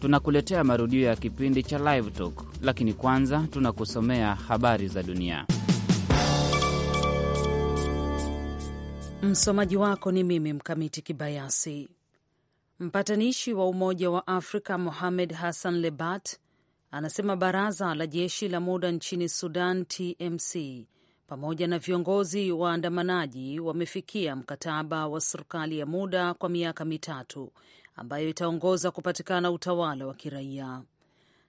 tunakuletea marudio ya kipindi cha Live Talk, lakini kwanza tunakusomea habari za dunia. Msomaji wako ni mimi Mkamiti Kibayasi. Mpatanishi wa Umoja wa Afrika Mohamed Hassan Lebat anasema baraza la jeshi la muda nchini Sudan TMC pamoja na viongozi waandamanaji wamefikia mkataba wa serikali ya muda kwa miaka mitatu ambayo itaongoza kupatikana utawala wa kiraia.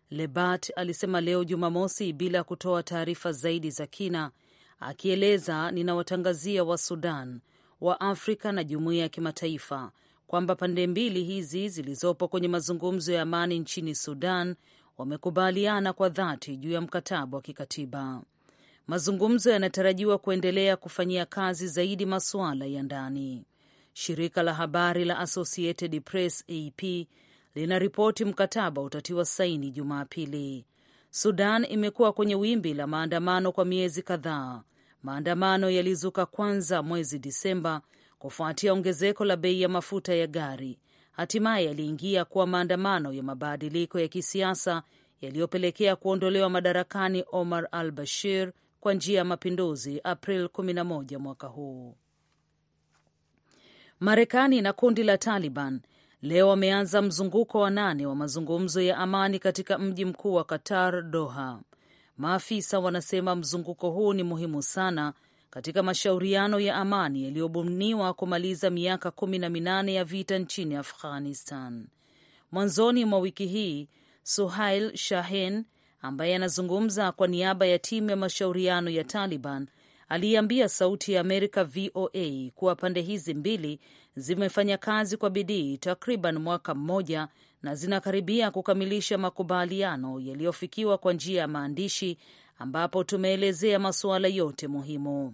Lebat alisema leo Jumamosi bila kutoa taarifa zaidi za kina, akieleza ninawatangazia wa Sudan, wa Afrika na jumuiya ya kimataifa kwamba pande mbili hizi zilizopo kwenye mazungumzo ya amani nchini Sudan wamekubaliana kwa dhati juu ya mkataba wa kikatiba. Mazungumzo yanatarajiwa kuendelea kufanyia kazi zaidi masuala ya ndani. Shirika la habari la Associated Press AP linaripoti mkataba utatiwa saini Jumapili. Sudan imekuwa kwenye wimbi la maandamano kwa miezi kadhaa. Maandamano yalizuka kwanza mwezi Disemba kufuatia ongezeko la bei ya mafuta ya gari, hatimaye yaliingia kuwa maandamano ya mabadiliko ya kisiasa yaliyopelekea kuondolewa madarakani Omar al Bashir kwa njia ya mapinduzi April 11 mwaka huu. Marekani na kundi la Taliban leo wameanza mzunguko wa nane wa mazungumzo ya amani katika mji mkuu wa Qatar, Doha. Maafisa wanasema mzunguko huu ni muhimu sana katika mashauriano ya amani yaliyobuniwa kumaliza miaka kumi na minane ya vita nchini Afghanistan. Mwanzoni mwa wiki hii, Suhail Shahin ambaye anazungumza kwa niaba ya timu ya mashauriano ya Taliban aliiambia Sauti ya Amerika VOA kuwa pande hizi mbili zimefanya kazi kwa bidii takriban mwaka mmoja na zinakaribia kukamilisha makubaliano yaliyofikiwa kwa njia ya maandishi ambapo tumeelezea masuala yote muhimu.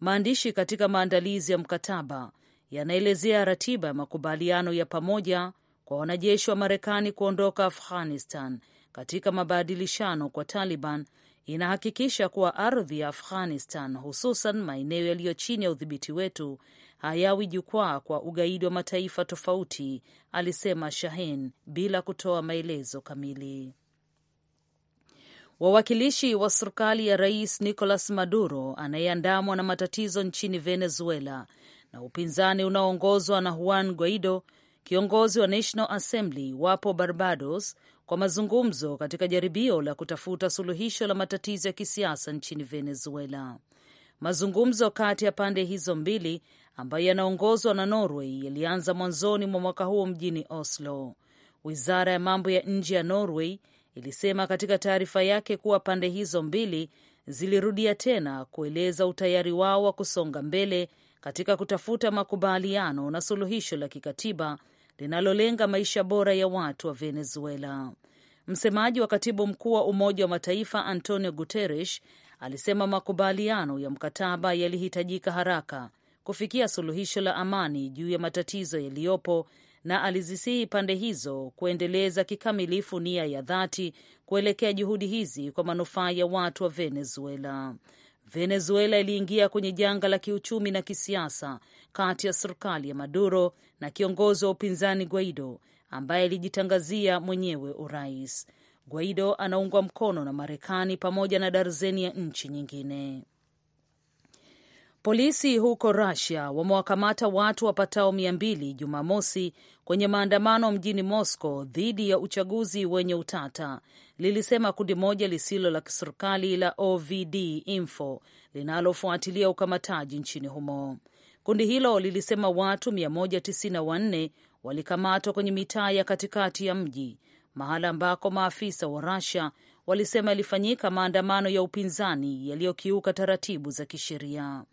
Maandishi katika maandalizi ya mkataba yanaelezea ratiba ya makubaliano ya pamoja kwa wanajeshi wa Marekani kuondoka Afghanistan katika mabadilishano kwa Taliban inahakikisha kuwa ardhi ya Afghanistan, hususan maeneo yaliyo chini ya udhibiti wetu, hayawi jukwaa kwa ugaidi wa mataifa tofauti, alisema Shahin bila kutoa maelezo kamili. Wawakilishi wa serikali ya Rais Nicolas Maduro anayeandamwa na matatizo nchini Venezuela na upinzani unaoongozwa na Juan Guaido kiongozi wa National Assembly wapo Barbados kwa mazungumzo katika jaribio la kutafuta suluhisho la matatizo ya kisiasa nchini Venezuela. Mazungumzo kati ya pande hizo mbili ambayo yanaongozwa na Norway yalianza mwanzoni mwa mwaka huo mjini Oslo. Wizara ya mambo ya nje ya Norway ilisema katika taarifa yake kuwa pande hizo mbili zilirudia tena kueleza utayari wao wa kusonga mbele katika kutafuta makubaliano na suluhisho la kikatiba linalolenga maisha bora ya watu wa Venezuela. Msemaji wa katibu mkuu wa Umoja wa Mataifa Antonio Guterres alisema makubaliano ya mkataba yalihitajika haraka kufikia suluhisho la amani juu ya matatizo yaliyopo na alizisihi pande hizo kuendeleza kikamilifu nia ya dhati kuelekea juhudi hizi kwa manufaa ya watu wa Venezuela. Venezuela iliingia kwenye janga la kiuchumi na kisiasa kati ya serikali ya Maduro na kiongozi wa upinzani Guaido ambaye alijitangazia mwenyewe urais. Guaido anaungwa mkono na Marekani pamoja na darzeni ya nchi nyingine. Polisi huko Russia wamewakamata watu wapatao mia mbili Jumamosi kwenye maandamano mjini Moscow dhidi ya uchaguzi wenye utata, lilisema kundi moja lisilo la kiserikali la OVD Info linalofuatilia ukamataji nchini humo. Kundi hilo lilisema watu 194 walikamatwa kwenye mitaa ya katikati ya mji, mahala ambako maafisa wa Russia walisema yalifanyika maandamano ya upinzani yaliyokiuka taratibu za kisheria.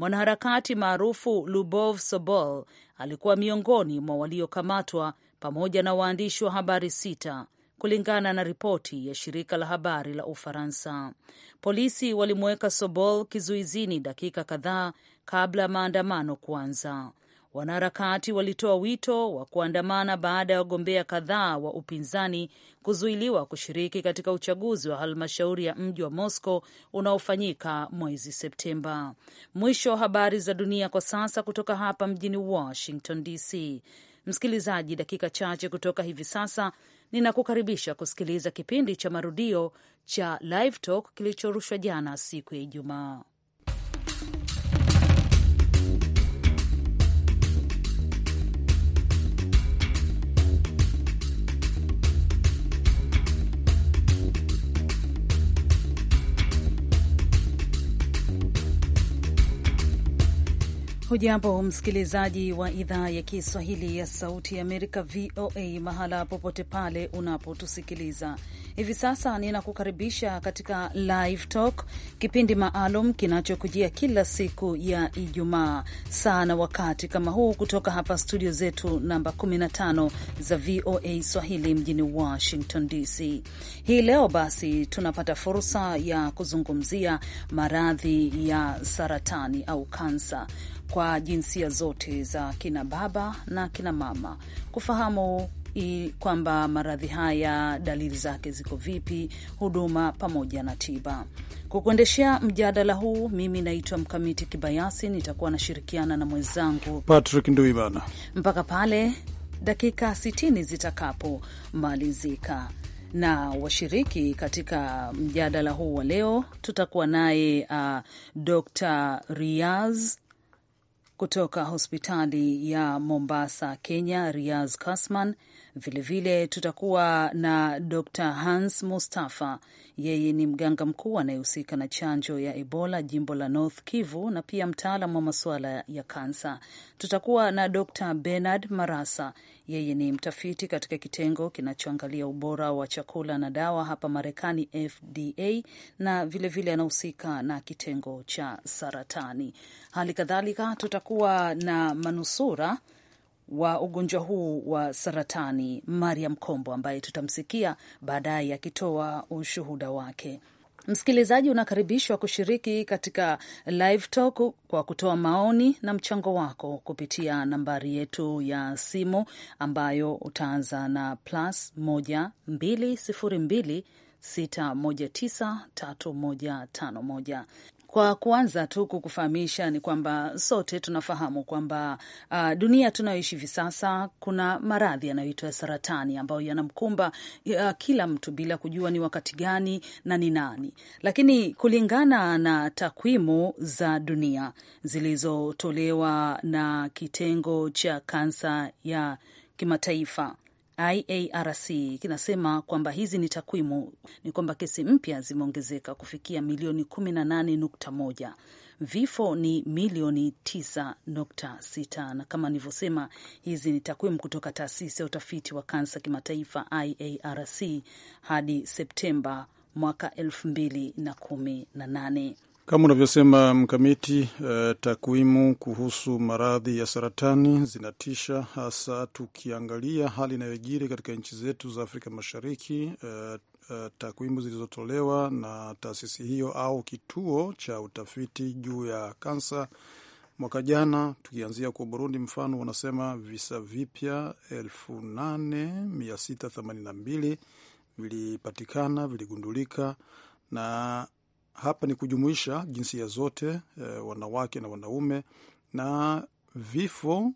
Mwanaharakati maarufu Lubov Sobol alikuwa miongoni mwa waliokamatwa pamoja na waandishi wa habari sita, kulingana na ripoti ya shirika la habari la Ufaransa. Polisi walimuweka Sobol kizuizini dakika kadhaa kabla ya maandamano kuanza. Wanaharakati walitoa wito wa kuandamana baada ya wagombea kadhaa wa upinzani kuzuiliwa kushiriki katika uchaguzi wa halmashauri ya mji wa Moscow unaofanyika mwezi Septemba. Mwisho wa habari za dunia kwa sasa kutoka hapa mjini Washington DC. Msikilizaji, dakika chache kutoka hivi sasa ninakukaribisha kusikiliza kipindi cha marudio cha Live Talk kilichorushwa jana siku ya Ijumaa. Hujambo msikilizaji wa idhaa ya Kiswahili ya Sauti ya Amerika, VOA, mahala popote pale unapotusikiliza hivi sasa. Ninakukaribisha katika Live Talk, kipindi maalum kinachokujia kila siku ya Ijumaa saa na wakati kama huu kutoka hapa studio zetu namba 15 za VOA Swahili mjini Washington DC. Hii leo basi tunapata fursa ya kuzungumzia maradhi ya saratani au kansa kwa jinsia zote za kina baba na kina mama kufahamu kwamba maradhi haya dalili zake ziko vipi, huduma pamoja na tiba. Kukuendeshea mjadala huu, mimi naitwa Mkamiti Kibayasi, nitakuwa nashirikiana na mwenzangu Patrick Nduimana mpaka pale dakika 60 zitakapomalizika na washiriki katika mjadala huu wa leo tutakuwa naye uh, Dr Riaz kutoka hospitali ya Mombasa, Kenya, Riaz Kasman. Vilevile tutakuwa na Dr Hans Mustafa, yeye ni mganga mkuu anayehusika na chanjo ya Ebola jimbo la North Kivu na pia mtaalam wa masuala ya kansa. Tutakuwa na Dr Bernard Marasa, yeye ni mtafiti katika kitengo kinachoangalia ubora wa chakula na dawa hapa Marekani, FDA, na vilevile anahusika na kitengo cha saratani. Hali kadhalika tutakuwa kutakuwa na manusura wa ugonjwa huu wa saratani, Mariam Kombo ambaye tutamsikia baadaye akitoa ushuhuda wake. Msikilizaji, unakaribishwa kushiriki katika live talk kwa kutoa maoni na mchango wako kupitia nambari yetu ya simu ambayo utaanza na plus 1 202 619 3151. Kwa kuanza tu kukufahamisha ni kwamba sote tunafahamu kwamba uh, dunia tunayoishi hivi sasa kuna maradhi yanayoitwa ya saratani ambayo yanamkumba uh, kila mtu bila kujua ni wakati gani na ni nani, lakini kulingana na takwimu za dunia zilizotolewa na kitengo cha kansa ya kimataifa IARC kinasema kwamba hizi ni takwimu, ni kwamba kesi mpya zimeongezeka kufikia milioni 18.1, vifo ni milioni 9.6. Na kama nilivyosema, hizi ni takwimu kutoka taasisi ya utafiti wa kansa kimataifa IARC hadi Septemba mwaka 2018. Kama unavyosema Mkamiti, uh, takwimu kuhusu maradhi ya saratani zinatisha, hasa tukiangalia hali inayojiri katika nchi zetu za Afrika Mashariki. Uh, uh, takwimu zilizotolewa na taasisi hiyo au kituo cha utafiti juu ya kansa mwaka jana, tukianzia kwa Burundi mfano, wanasema visa vipya 8682 vilipatikana, viligundulika na hapa ni kujumuisha jinsia zote e, wanawake na wanaume na vifo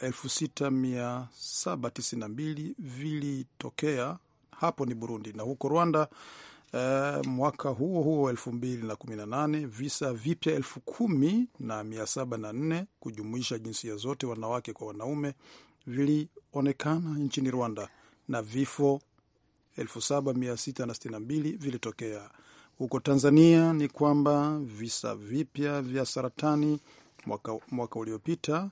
elfu sita mia saba tisini na mbili vilitokea hapo ni Burundi na huko Rwanda e, mwaka huo huo elfu mbili na kumi na nane visa vipya elfu kumi na mia saba na nne kujumuisha jinsia zote wanawake kwa wanaume vilionekana nchini Rwanda na vifo elfu saba mia sita na sitini na mbili vilitokea. Huko Tanzania ni kwamba visa vipya vya saratani mwaka, mwaka uliopita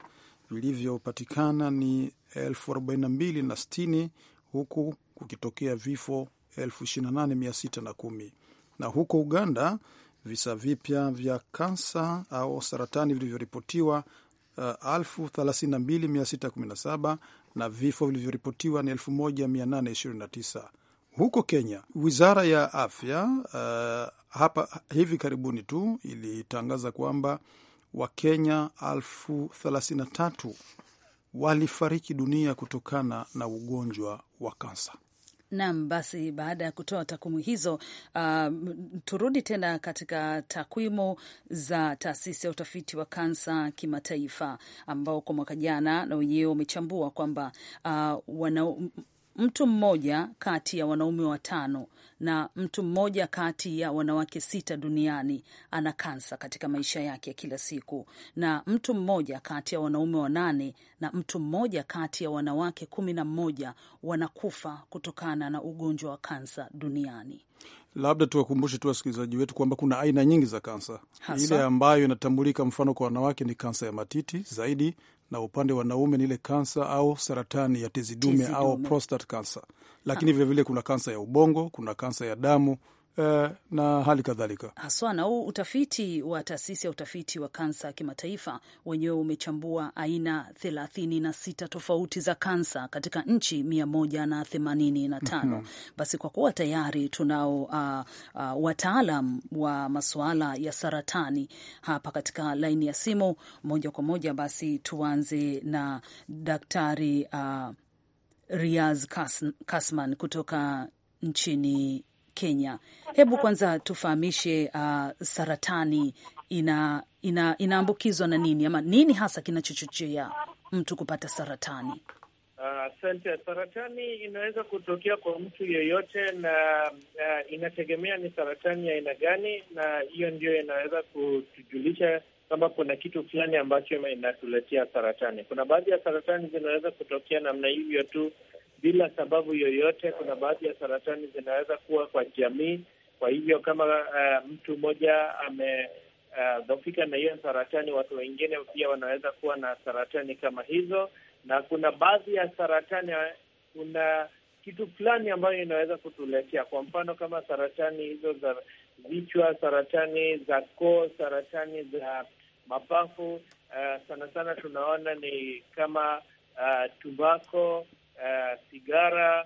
vilivyopatikana ni elfu arobaini na mbili na sitini huku kukitokea vifo elfu ishirini na nane mia sita na kumi na huko Uganda visa vipya vya kansa au saratani vilivyoripotiwa uh, elfu thelathini na mbili mia sita kumi na saba na vifo vilivyoripotiwa ni elfu moja mia nane ishirini na tisa huko Kenya, wizara ya afya uh, hapa hivi karibuni tu ilitangaza kwamba Wakenya elfu thelathini na tatu walifariki dunia kutokana na ugonjwa wa kansa. Nam, basi baada ya kutoa takwimu hizo uh, turudi tena katika takwimu za taasisi ya utafiti wa kansa kimataifa, ambao kwa mwaka jana na wenyewe wamechambua kwamba uh, mtu mmoja kati ya wanaume watano na mtu mmoja kati ya wanawake sita duniani ana kansa katika maisha yake ya kila siku, na mtu mmoja kati ya wanaume wanane na mtu mmoja kati ya wanawake kumi na mmoja wanakufa kutokana na ugonjwa wa kansa duniani. Labda tuwakumbushe tu wasikilizaji wetu kwamba kuna aina nyingi za kansa. Ile ambayo inatambulika mfano kwa wanawake ni kansa ya matiti zaidi na upande wa wanaume ni ile kansa au saratani ya tezi dume au prostate cancer, lakini vilevile ah. vile kuna kansa ya ubongo, kuna kansa ya damu Eh, na hali kadhalika haswa. Na huu utafiti wa taasisi ya utafiti wa kansa kimataifa wenyewe umechambua aina thelathini na sita tofauti za kansa katika nchi mia moja na themanini na tano. Mhm. Basi kwa kuwa tayari tunao uh, uh, wataalam wa masuala ya saratani hapa katika laini ya simu moja kwa moja, basi tuanze na daktari uh, Riaz Kasman kutoka nchini Kenya. Hebu kwanza tufahamishe uh, saratani ina inaambukizwa ina na nini ama nini hasa kinachochochea mtu kupata saratani? Asante. Uh, saratani inaweza kutokea kwa mtu yeyote na uh, inategemea ni saratani ya aina gani, na hiyo ndio inaweza kutujulisha kama kuna kitu fulani ambacho inatuletea saratani. Kuna baadhi ya saratani zinaweza kutokea namna hivyo tu bila sababu yoyote. Kuna baadhi ya saratani zinaweza kuwa kwa jamii. Kwa hivyo kama uh, mtu mmoja amedhofika eh, uh, na hiyo saratani, watu wengine pia wanaweza kuwa na saratani kama hizo, na kuna baadhi ya saratani kuna kitu fulani ambayo inaweza kutuletea, kwa mfano kama saratani hizo za vichwa, saratani za koo, saratani za mapafu. Uh, sana sana tunaona ni kama uh, tumbako uh, sigara,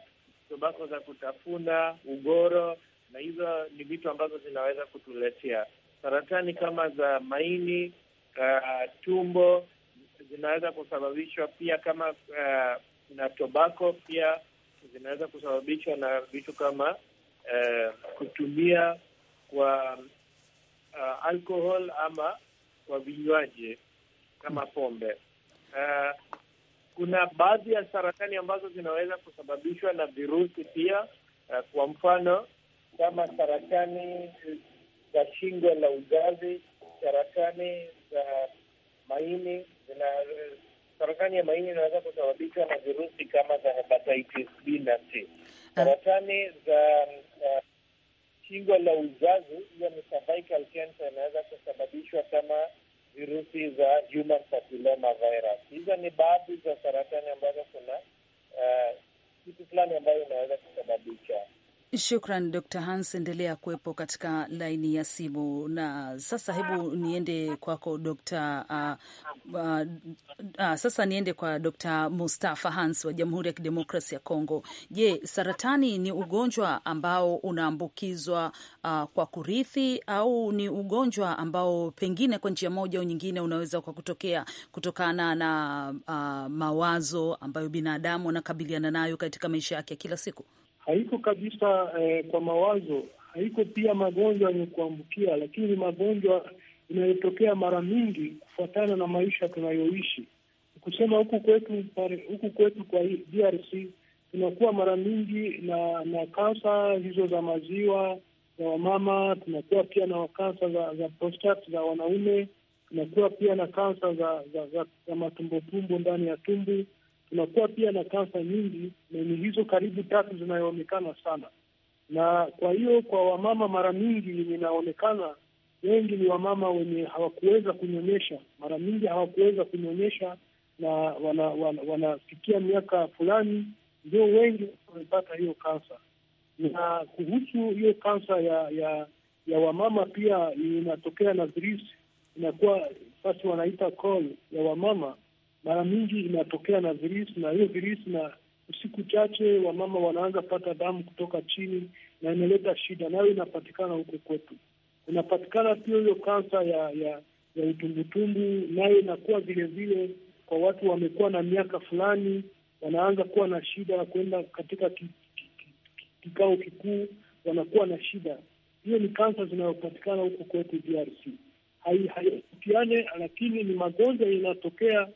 tobako za kutafuna, ugoro, na hizo ni vitu ambazo zinaweza kutuletea saratani kama za maini, uh, tumbo zinaweza kusababishwa pia kama uh, na tobako pia zinaweza kusababishwa na vitu kama uh, kutumia kwa uh, alcohol ama kwa vinywaji kama pombe. Uh, kuna baadhi ya saratani ambazo zinaweza kusababishwa na virusi pia. Uh, kwa mfano kama saratani za shingo la uzazi, saratani za maini zina, saratani ya maini inaweza kusababishwa na virusi kama za hepatitis B na C. Saratani za uh, shingo la uzazi hiyo ni cervical cancer inaweza kusababishwa kama virusi za human papilloma virus. Hizo ni baadhi za saratani ambazo kuna uh, kitu fulani ambayo inaweza kusababisha Shukran Dr Hans, endelea kuwepo katika laini ya simu. Na sasa hebu niende kwako Dr uh, uh, uh, sasa niende kwa Dr Mustafa Hans wa Jamhuri ya Kidemokrasi ya Kongo. Je, saratani ni ugonjwa ambao unaambukizwa uh, kwa kurithi au ni ugonjwa ambao pengine kwa njia moja au nyingine unaweza kwa kutokea kutokana na uh, mawazo ambayo binadamu anakabiliana nayo katika maisha yake ya kila siku? haiko kabisa eh, kwa mawazo, haiko pia magonjwa yenye kuambukia, lakini magonjwa inayotokea mara mingi kufuatana na maisha tunayoishi. Kusema huku kwetu, huku kwetu kwa DRC tunakuwa mara mingi na na kansa hizo za maziwa za wamama, tunakuwa pia na kansa za, za prostate za wanaume, tunakuwa pia na kansa za, za, za, za matumbotumbo ndani ya tumbu tunakuwa pia na kansa nyingi, na ni hizo karibu tatu zinayoonekana sana. Na kwa hiyo kwa wamama, mara mingi inaonekana wengi ni wamama wenye hawakuweza kunyonyesha, mara mingi hawakuweza kunyonyesha na wanafikia wana, wana miaka fulani ndio wengi wamepata hiyo kansa. Na kuhusu hiyo kansa ya ya ya wamama pia inatokea na virusi, inakuwa basi wanaita call ya wamama mara nyingi inatokea na virusi, na hiyo virusi na siku chache wamama wanaanza pata damu kutoka chini na inaleta shida, nayo inapatikana huko kwetu. Inapatikana pia hiyo kansa ya ya ya utumbutumbu, nayo inakuwa vilevile kwa watu wamekuwa na miaka fulani, wanaanza kuwa na shida ya kuenda katika ki, ki, ki, kikao kikuu, wanakuwa na shida hiyo. Ni kansa zinayopatikana huko kwetu DRC, haihusiane hai, lakini ni magonjwa yanatokea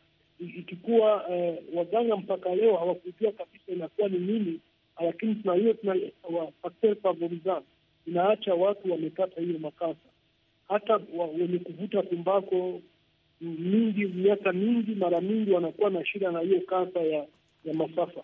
ikikuwa eh, waganga mpaka leo hawakujua kabisa inakuwa ni nini, lakini tuna hiyo tunaa inaacha watu wamekata hiyo makasa, hata wenye kuvuta tumbako mingi miaka mingi, mara mingi wanakuwa na shida na hiyo kasa ya ya masafa.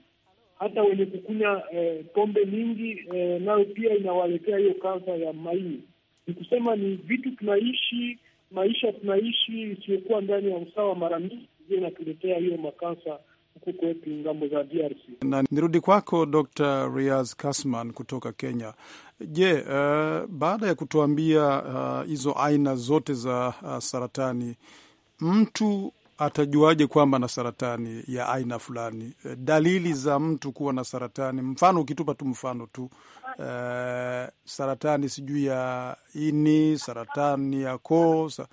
Hata wenye kukunya eh, pombe mingi eh, nayo pia inawaletea hiyo kasa ya maini. Ni kusema ni vitu tunaishi maisha tunaishi isiyokuwa ndani ya usawa mara mingi ndio inatuletea hiyo makasa huku kwetu ngambo za DRC. Na nirudi kwako Dr. Riaz Kasman kutoka Kenya. Je, uh, baada ya kutuambia eh, hizo uh, aina zote za uh, saratani mtu atajuaje kwamba na saratani ya aina fulani? Dalili za mtu kuwa na saratani, mfano ukitupa tu mfano tu eh, saratani sijui ya ini, saratani ya koo sa,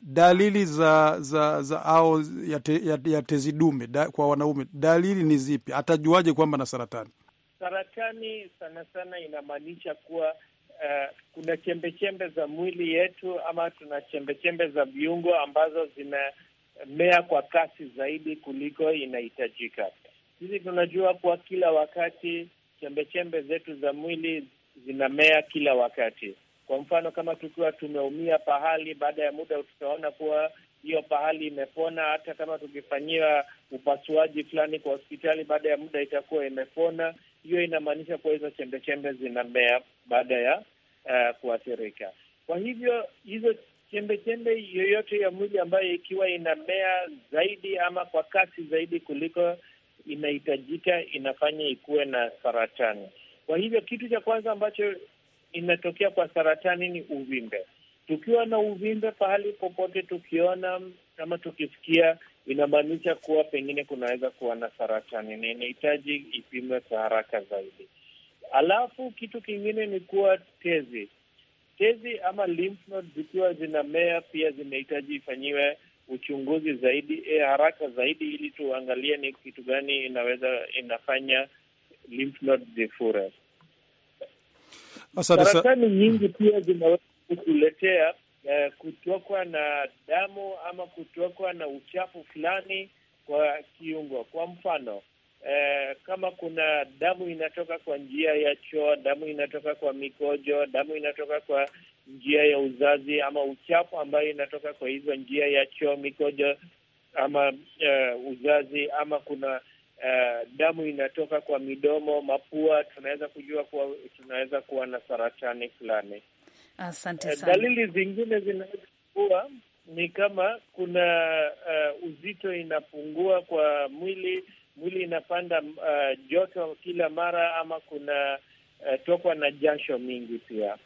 dalili za, za, za au ya, te, ya, ya tezi dume da, kwa wanaume dalili ni zipi? Atajuaje kwamba na saratani? Saratani sana sana inamaanisha kuwa uh, kuna chembechembe za mwili yetu ama tuna chembe chembe za viungo ambazo zinamea kwa kasi zaidi kuliko inahitajika. Sisi tunajua kuwa kila wakati chembechembe zetu za mwili zinamea kila wakati kwa mfano, kama tukiwa tumeumia pahali, baada ya muda tutaona kuwa hiyo pahali imepona. Hata kama tukifanyia upasuaji fulani kwa hospitali, baada ya muda itakuwa imepona. Hiyo inamaanisha kuwa hizo chembechembe zinamea baada ya uh, kuathirika. Kwa hivyo hizo chembechembe yoyote ya mwili ambayo ikiwa inamea zaidi ama kwa kasi zaidi kuliko inahitajika, inafanya ikuwe na saratani. Kwa hivyo kitu cha kwanza ambacho imetokea kwa saratani ni uvimbe. Tukiwa na uvimbe pahali popote, tukiona ama tukisikia, inamaanisha kuwa pengine kunaweza kuwa na saratani na inahitaji ipimwe kwa haraka zaidi. Alafu kitu kingine ni kuwa tezi tezi ama lymph node zikiwa zinamea pia zinahitaji ifanyiwe uchunguzi zaidi, e, haraka zaidi, ili tuangalie ni kitu gani inaweza inafanya lymph node zifure. Saratani nyingi pia zinaweza kukuletea uh, kutokwa na damu ama kutokwa na uchafu fulani kwa kiungo. Kwa mfano uh, kama kuna damu inatoka kwa njia ya choo, damu inatoka kwa mikojo, damu inatoka kwa njia ya uzazi, ama uchafu ambayo inatoka kwa hizo njia ya choo, mikojo ama uh, uzazi ama kuna uh, damu inatoka kwa midomo, mapua, tunaweza kujua kuwa tunaweza kuwa na saratani fulani. Asante eh, sana. Uh, dalili zingine zinaweza kuwa ni kama kuna uh, uzito inapungua kwa mwili, mwili inapanda uh, joto kila mara, ama kuna uh, tokwa na jasho mingi pia.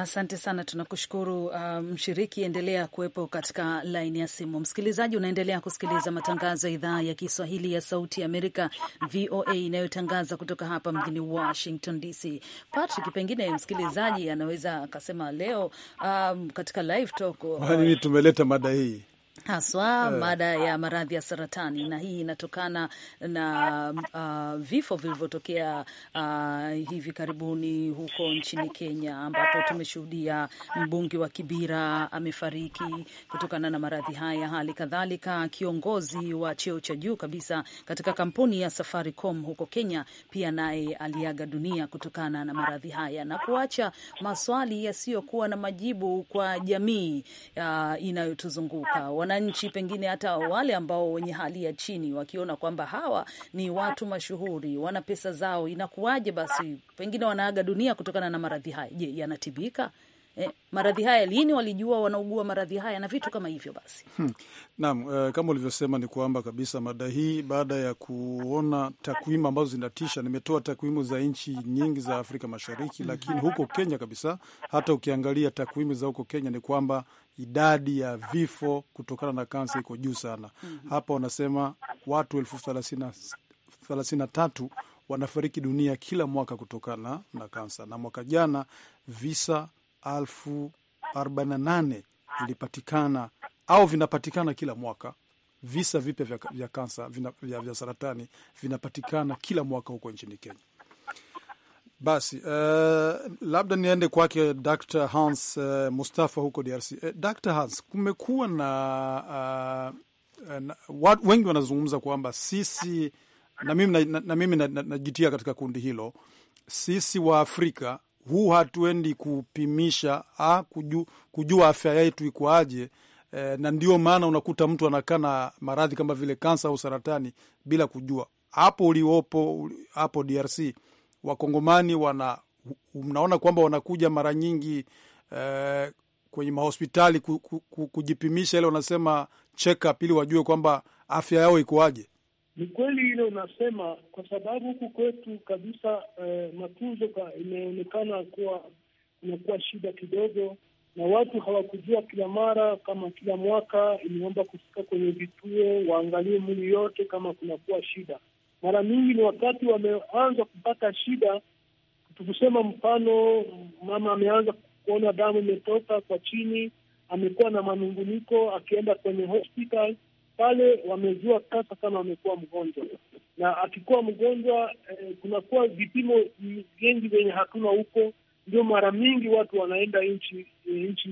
Asante sana, tunakushukuru uh, mshiriki. Um, endelea kuwepo katika laini ya simu. Msikilizaji, unaendelea kusikiliza matangazo ya idhaa ya Kiswahili ya Sauti ya Amerika, VOA, inayotangaza kutoka hapa mjini Washington DC. Patrick, pengine msikilizaji anaweza akasema leo, um, katika live talk, uh, tumeleta mada hii haswa eh. mada ya maradhi ya saratani, na hii inatokana na uh, vifo vilivyotokea uh, hivi karibuni huko nchini Kenya, ambapo tumeshuhudia mbunge wa Kibira amefariki kutokana na maradhi haya, hali kadhalika kiongozi wa cheo cha juu kabisa katika kampuni ya Safaricom huko Kenya pia naye aliaga dunia kutokana na maradhi haya na kuacha maswali yasiyokuwa na majibu kwa jamii uh, inayotuzunguka wananchi pengine hata wale ambao wenye hali ya chini wakiona kwamba hawa ni watu mashuhuri, wana pesa zao, inakuwaje basi pengine wanaaga dunia kutokana na maradhi haya? Je, yanatibika? eh, maradhi haya lini walijua wanaugua maradhi haya na vitu kama hivyo basi. Hmm. Naam, uh, kama ulivyosema ni kwamba kabisa mada hii baada ya kuona takwimu ambazo zinatisha, nimetoa takwimu za nchi nyingi za Afrika Mashariki -hmm. Lakini huko Kenya kabisa, hata ukiangalia takwimu za huko Kenya ni kwamba idadi ya vifo kutokana na kansa iko juu sana -hmm. Hapa wanasema watu elfu thelathini na tatu wanafariki dunia kila mwaka kutokana na kansa, na mwaka jana visa elfu 48 vilipatikana au vinapatikana kila mwaka visa vipya vya, vya kansa vina, vya, vya saratani vinapatikana kila mwaka huko nchini Kenya. Basi uh, labda niende kwake Dr. Hans uh, Mustafa huko DRC. Uh, eh, Dr. Hans, kumekuwa na uh, na watu wengi wanazungumza kwamba sisi na mimi najitia na, na, na katika kundi hilo, sisi wa Afrika huu hatuendi kupimisha a, ah, kuju, kujua afya yetu ikoaje e, eh, na ndio maana unakuta mtu anakaa na maradhi kama vile kansa au saratani bila kujua. Hapo uliopo hapo DRC wakongomani wana mnaona kwamba wanakuja mara nyingi e, kwenye mahospitali kujipimisha, ile wanasema check up, ili wajue kwamba afya yao ikoaje. Ni kweli ile unasema, kwa sababu huku kwetu kabisa eh, matunzo ka, imeonekana kuwa inakuwa shida kidogo, na watu hawakujua kila mara kama kila mwaka imeomba kufika kwenye vituo waangalie mwili yote kama kunakuwa shida. Mara nyingi ni wakati wameanza kupata shida, tukusema mfano, mama ameanza kuona damu imetoka kwa chini, amekuwa na manunguniko, akienda kwenye hospital pale wamejua sasa kama amekuwa mgonjwa, na akikuwa mgonjwa eh, kunakuwa vipimo vingi vyenye hatuna huko. Ndio mara mingi watu wanaenda nchi eh, nchi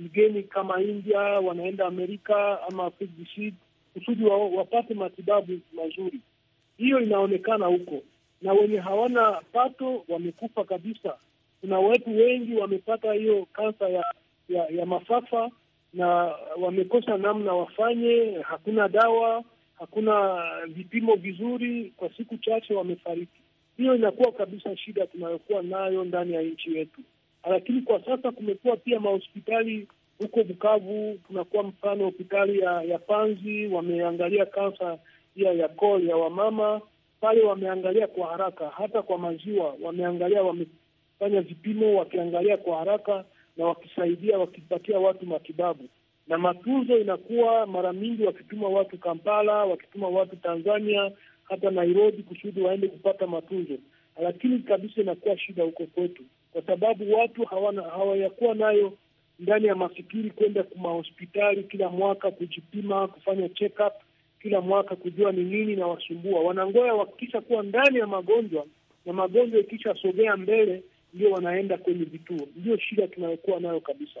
mgeni kama India, wanaenda Amerika ama kusudi wa, wapate matibabu mazuri. Hiyo inaonekana huko, na wenye hawana pato wamekufa kabisa. Kuna watu wengi wamepata hiyo kansa ya, ya, ya mafafa na wamekosa namna wafanye. Hakuna dawa, hakuna vipimo vizuri, kwa siku chache wamefariki. Hiyo inakuwa kabisa shida tunayokuwa nayo ndani ya nchi yetu, lakini kwa sasa kumekuwa pia mahospitali huko Bukavu, kunakuwa mfano hospitali ya, ya Panzi wameangalia kansa pia ya kol ya wamama pale, wameangalia kwa haraka, hata kwa maziwa wameangalia, wamefanya vipimo wakiangalia kwa haraka na wakisaidia, wakipatia watu matibabu na matunzo. Inakuwa mara mingi wakituma watu Kampala, wakituma watu Tanzania, hata Nairobi kusudi waende kupata matunzo, lakini kabisa inakuwa shida huko kwetu, kwa sababu watu hawana hawayakuwa nayo ndani ya mafikiri kwenda mahospitali kila mwaka kujipima, kufanya check up kila mwaka, kujua ni nini na wasumbua. Wanangoya wakikisha kuwa ndani ya magonjwa na magonjwa ikishasogea mbele ndio wanaenda kwenye vituo. Ndio shida tunayokuwa nayo kabisa.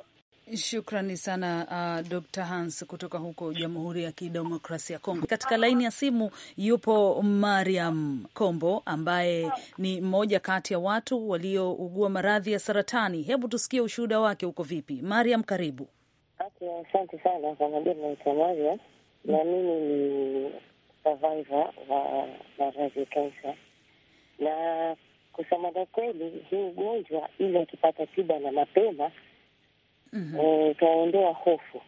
Shukrani sana uh, Dr. Hans kutoka huko Jamhuri ya Kidemokrasia ya Kongo. Katika laini ya simu yupo Mariam Kombo ambaye ni mmoja kati ya watu waliougua maradhi ya saratani. Hebu tusikie ushuhuda wake huko vipi. Mariam, karibu. Asante sana kwa majina, naitwa Mariam na mimi ni survivor wa maradhi ya kansa na Kusema kwa kweli, huu ugonjwa ili akipata tiba na mapema mhm. eh, utaondoa mm -hmm. hofu,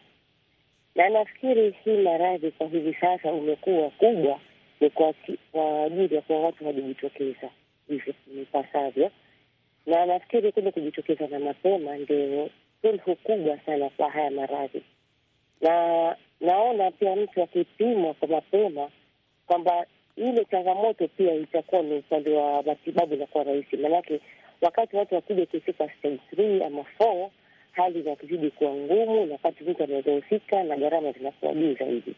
na nafikiri hii maradhi kwa hivi sasa umekuwa kubwa ni kwa ajili ya kuwa watu wajijitokeza hivyo ipasavyo, na nafikiri kule kujitokeza na mapema ndio suluhu kubwa sana kwa haya maradhi, na naona pia mtu akipimwa kwa mapema kwamba ile changamoto pia itakuwa ni upande wa matibabu inakuwa rahisi, maanake wakati watu wakija kufika stage three ama four hali zinazidi kuwa ngumu, na wakati mtu anazehusika na gharama zinakuwa juu zaidi.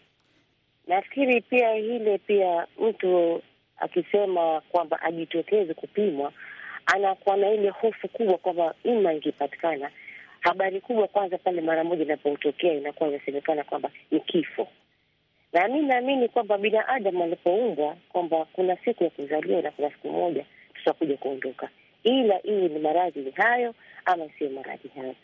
Nafikiri pia hile pia mtu akisema kwamba ajitokeze kupimwa, anakuwa na ile hofu kubwa kwamba ima ingepatikana habari kubwa kwanza pale mara moja inapotokea inakuwa inasemekana kwamba ni kifo na mi naamini kwamba binadamu alipoumbwa kwamba kuna siku ya kuzaliwa na kuna siku moja tutakuja kuondoka, ila iwe ni maradhi hayo ama sio maradhi hayo.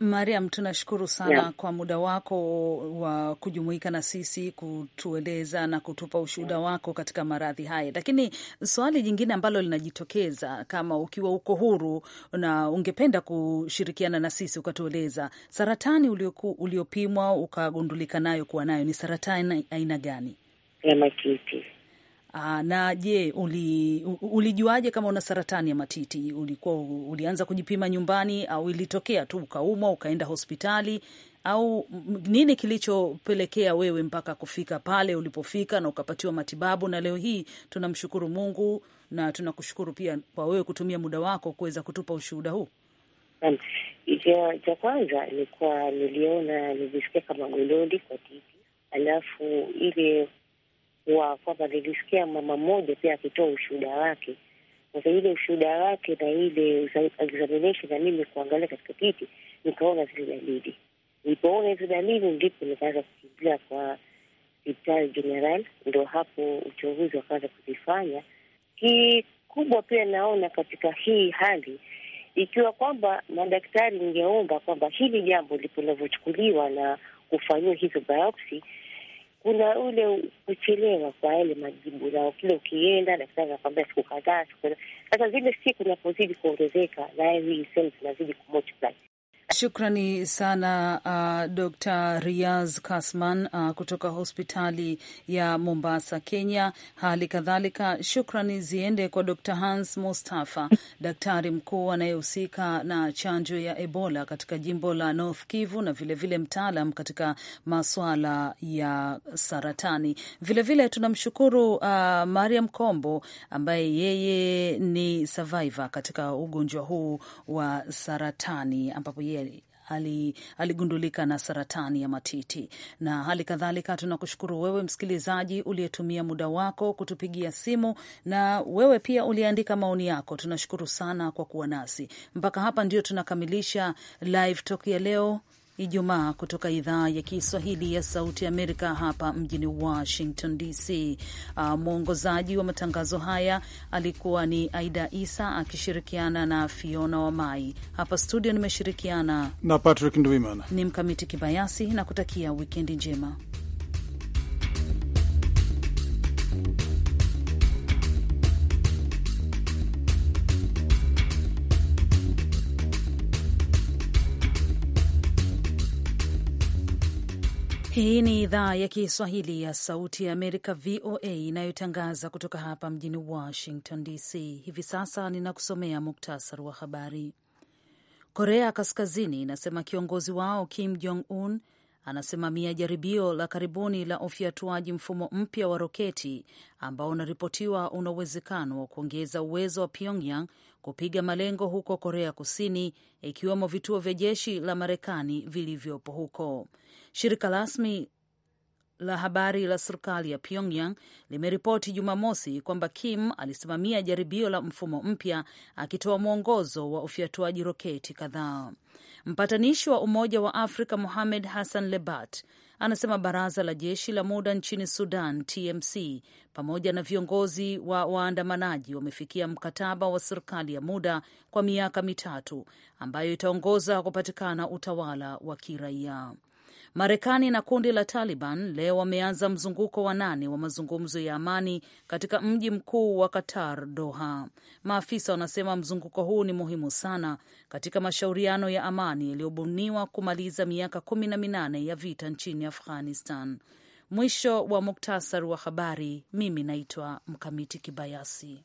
Mariam, tunashukuru sana yeah, kwa muda wako wa kujumuika na sisi kutueleza na kutupa ushuhuda wako katika maradhi haya. Lakini swali jingine ambalo linajitokeza, kama ukiwa uko huru na ungependa kushirikiana na sisi ukatueleza, saratani ulioku, uliopimwa ukagundulika nayo kuwa nayo ni saratani aina gani? Hepatitis. Aa, ah, na je, uli, ulijuaje kama una saratani ya matiti? Ulikuwa ulianza kujipima nyumbani au ilitokea tu ukaumwa ukaenda hospitali au nini kilichopelekea wewe mpaka kufika pale ulipofika na ukapatiwa matibabu? Na leo hii tunamshukuru Mungu na tunakushukuru pia kwa wewe kutumia muda wako kuweza kutupa ushuhuda huu. Cha kwanza ilikuwa niliona, nilisikia kama gololi kwa titi, alafu ile wa kwamba nilisikia mama mmoja pia akitoa ushuhuda wake. Sasa ile ushuhuda wake na ile examination na mimi kuangalia katika kiti, nikaona zile dalili. Nilipoona hizo dalili, ndipo nikaanza kukimbia kwa hospitali General, ndo hapo uchunguzi wakaanza kuzifanya. Kikubwa pia naona katika hii hali ikiwa kwamba madaktari, ningeomba kwamba hili jambo lipo linavyochukuliwa na kufanyiwa hizo biopsy kuna ule kuchelewa kwa yale majibu, nao, kila ukienda daktari anakwambia siku kadhaa, siku kadhaa. Sasa zile siku napozidi kuongezeka, naye hii sehemu zinazidi kumultiply, Shukrani sana uh, Dr. Riaz Kasman uh, kutoka hospitali ya Mombasa, Kenya. Hali kadhalika shukrani ziende kwa Dr. Hans Mustafa, daktari mkuu anayehusika na chanjo ya Ebola katika jimbo la North Kivu na vilevile mtaalam katika maswala ya saratani. Vilevile tunamshukuru uh, Mariam Kombo ambaye yeye ni survivor katika ugonjwa huu wa saratani ambapo yeye ali aligundulika na saratani ya matiti. Na hali kadhalika tunakushukuru wewe msikilizaji uliyetumia muda wako kutupigia simu, na wewe pia uliandika maoni yako. Tunashukuru sana kwa kuwa nasi mpaka hapa. Ndio tunakamilisha live talk ya leo. Ijumaa kutoka idhaa ya Kiswahili ya Sauti ya Amerika hapa mjini Washington DC. Uh, ah, mwongozaji wa matangazo haya alikuwa ni Aida Isa akishirikiana na Fiona Wamai. Hapa studio nimeshirikiana na Patrick Ndwimana. Ni Mkamiti Kibayasi na kutakia wikendi njema. Hii ni idhaa ya Kiswahili ya Sauti ya Amerika, VOA, inayotangaza kutoka hapa mjini Washington DC. Hivi sasa ninakusomea muktasari wa habari. Korea Kaskazini inasema kiongozi wao Kim Jong Un anasimamia jaribio la karibuni la ufyatuaji mfumo mpya wa roketi ambao unaripotiwa una uwezekano wa kuongeza uwezo wa Pyongyang kupiga malengo huko Korea Kusini, ikiwemo vituo vya jeshi la Marekani vilivyopo huko. Shirika rasmi la habari la serikali ya Pyongyang limeripoti Jumamosi kwamba Kim alisimamia jaribio la mfumo mpya akitoa mwongozo wa ufyatuaji roketi kadhaa. Mpatanishi wa Umoja wa Afrika Mohamed Hassan Lebat anasema baraza la jeshi la muda nchini Sudan TMC pamoja na viongozi wa waandamanaji wamefikia mkataba wa serikali ya muda kwa miaka mitatu ambayo itaongoza kupatikana utawala wa kiraia. Marekani na kundi la Taliban leo wameanza mzunguko wa nane wa mazungumzo ya amani katika mji mkuu wa Qatar, Doha. Maafisa wanasema mzunguko huu ni muhimu sana katika mashauriano ya amani yaliyobuniwa kumaliza miaka kumi na minane ya vita nchini Afghanistan. Mwisho wa muktasari wa habari. Mimi naitwa Mkamiti Kibayasi.